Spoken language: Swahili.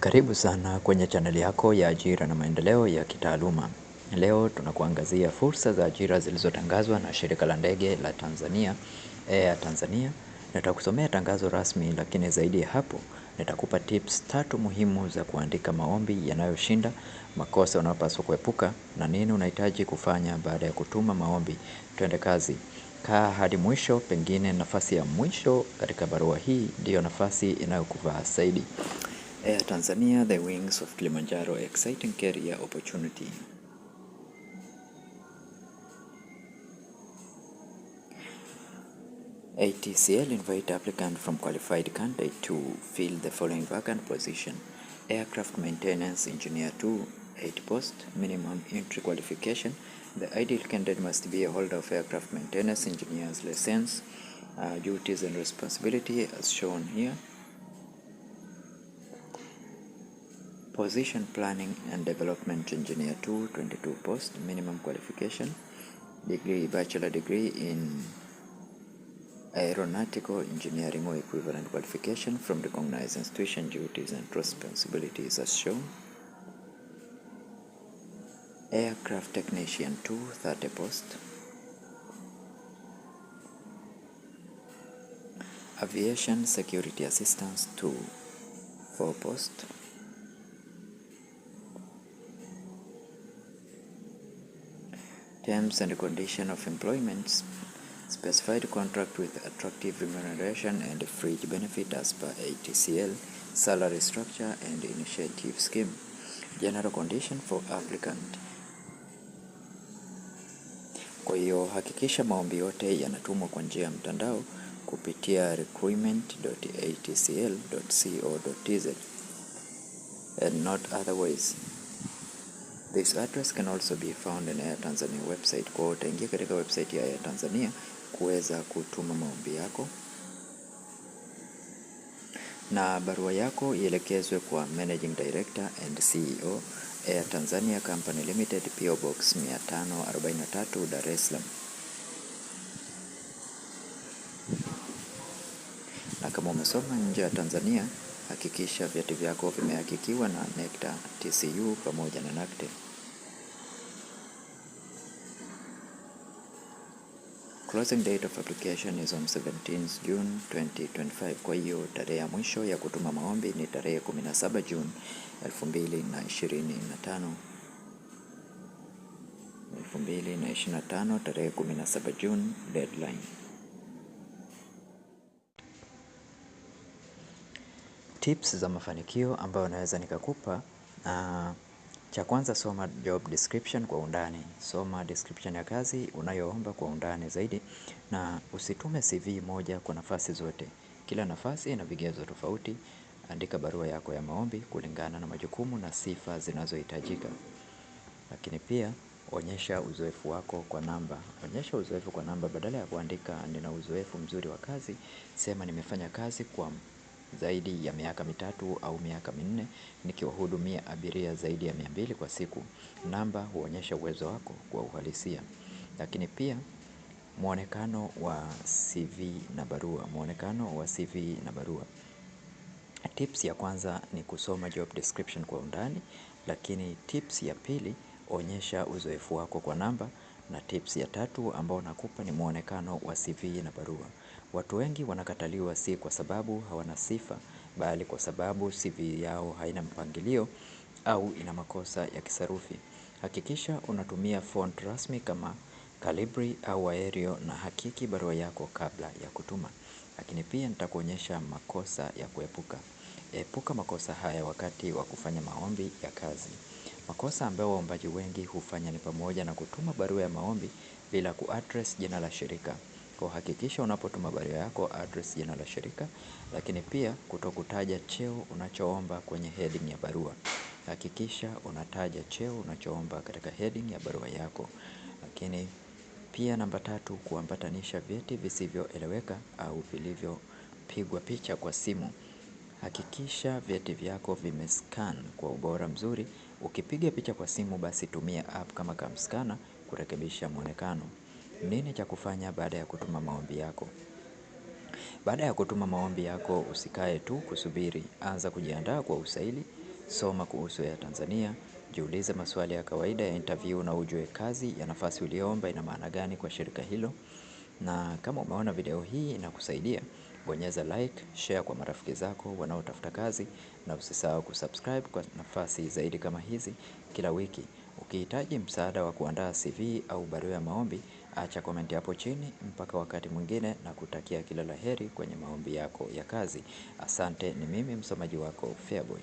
Karibu sana kwenye chaneli yako ya ajira na maendeleo ya kitaaluma. Leo tunakuangazia fursa za ajira zilizotangazwa na shirika la ndege la Tanzania, Air Tanzania. Nitakusomea tangazo rasmi, lakini zaidi ya hapo nitakupa tips tatu muhimu za kuandika maombi yanayoshinda, makosa unayopaswa kuepuka, na nini unahitaji kufanya baada ya kutuma maombi. Twende kazi. Kaa hadi mwisho, pengine nafasi ya mwisho katika barua hii ndiyo nafasi inayokuvaa zaidi. Air Tanzania, the wings of Kilimanjaro, exciting career opportunity. ATCL invite applicant from qualified candidate to fill the following vacant position. Aircraft Maintenance Engineer 2, 8 post, minimum entry qualification. The ideal candidate must be a holder of aircraft maintenance engineer's license, uh, duties and responsibility as shown here. Position Planning and Development Engineer 2 22 post minimum qualification degree bachelor degree in aeronautical engineering or equivalent qualification from recognized institution duties and responsibilities as shown aircraft technician 2 30 post aviation security assistance 2 4 post Terms and condition of employment specified contract with attractive remuneration and fringe benefit as per ATCL salary structure and initiative scheme. General condition for applicant. Kwa hiyo hakikisha maombi yote yanatumwa kwa njia ya mtandao kupitia recruitment.atcl.co.tz and not otherwise. This address can also be found in Air Tanzania website. Kwa utaingia katika website ya Air Tanzania kuweza kutuma maombi yako na barua yako ielekezwe kwa Managing Director and CEO Air Tanzania Company Limited, PO Box 543 Dar es Salaam. Na kama umesoma nje ya Tanzania hakikisha vyeti vyako vimehakikiwa na NECTA, TCU pamoja na NACTE. Closing date of application is on 17th June 2025. Kwa hiyo tarehe ya mwisho ya kutuma maombi ni tarehe 17 June 2025. 2025 tarehe 17 June deadline. Tips za mafanikio ambayo naweza nikakupa, cha kwanza soma job description kwa undani. Soma description ya kazi, unayoomba kwa undani zaidi na usitume CV moja kwa nafasi zote. Kila nafasi ina vigezo tofauti, andika barua yako ya maombi, kulingana na majukumu na sifa zinazohitajika. Lakini pia, onyesha uzoefu wako kwa namba. Onyesha uzoefu kwa namba badala ya kuandika nina uzoefu mzuri wa kazi, sema nimefanya kazi kwa zaidi ya miaka mitatu au miaka minne nikiwahudumia abiria zaidi ya mia mbili kwa siku. Namba huonyesha uwezo wako kwa uhalisia. Lakini pia muonekano wa CV na barua. Muonekano wa CV na barua. Tips ya kwanza ni kusoma job description kwa undani. Lakini tips ya pili onyesha uzoefu wako kwa namba. Na tips ya tatu ambao nakupa ni muonekano wa CV na barua. Watu wengi wanakataliwa si kwa sababu hawana sifa, bali kwa sababu CV yao haina mpangilio au ina makosa ya kisarufi. Hakikisha unatumia font rasmi kama Calibri au Arial na hakiki barua yako kabla ya kutuma. Lakini pia nitakuonyesha makosa ya kuepuka. Epuka makosa haya wakati wa kufanya maombi ya kazi. Makosa ambayo waombaji wengi hufanya ni pamoja na kutuma barua ya maombi bila kuaddress jina la shirika yako. Hakikisha unapotuma barua yako address jina la shirika, lakini pia kutokutaja cheo unachoomba kwenye heading ya barua. Hakikisha unataja cheo unachoomba katika heading ya barua yako. Lakini pia namba tatu, kuambatanisha vyeti visivyoeleweka au vilivyopigwa picha kwa simu. Hakikisha vyeti vyako vimescan kwa ubora mzuri. Ukipiga picha kwa simu basi tumia app kama Camscanner kurekebisha mwonekano. Nini cha kufanya baada ya kutuma maombi yako? Baada ya kutuma maombi yako usikae tu kusubiri, anza kujiandaa kwa usaili, soma kuhusu ya Tanzania, jiulize maswali ya kawaida ya interview na ujue kazi ya nafasi uliyoomba ina maana gani kwa shirika hilo. Na kama umeona video hii inakusaidia, bonyeza like, share kwa marafiki zako, wanaotafuta kazi na usisahau kusubscribe kwa nafasi zaidi kama hizi kila wiki. Ukihitaji msaada wa kuandaa CV au barua ya maombi, Acha komenti hapo chini mpaka wakati mwingine na kutakia kila la heri kwenye maombi yako ya kazi. Asante, ni mimi msomaji wako Feaboy.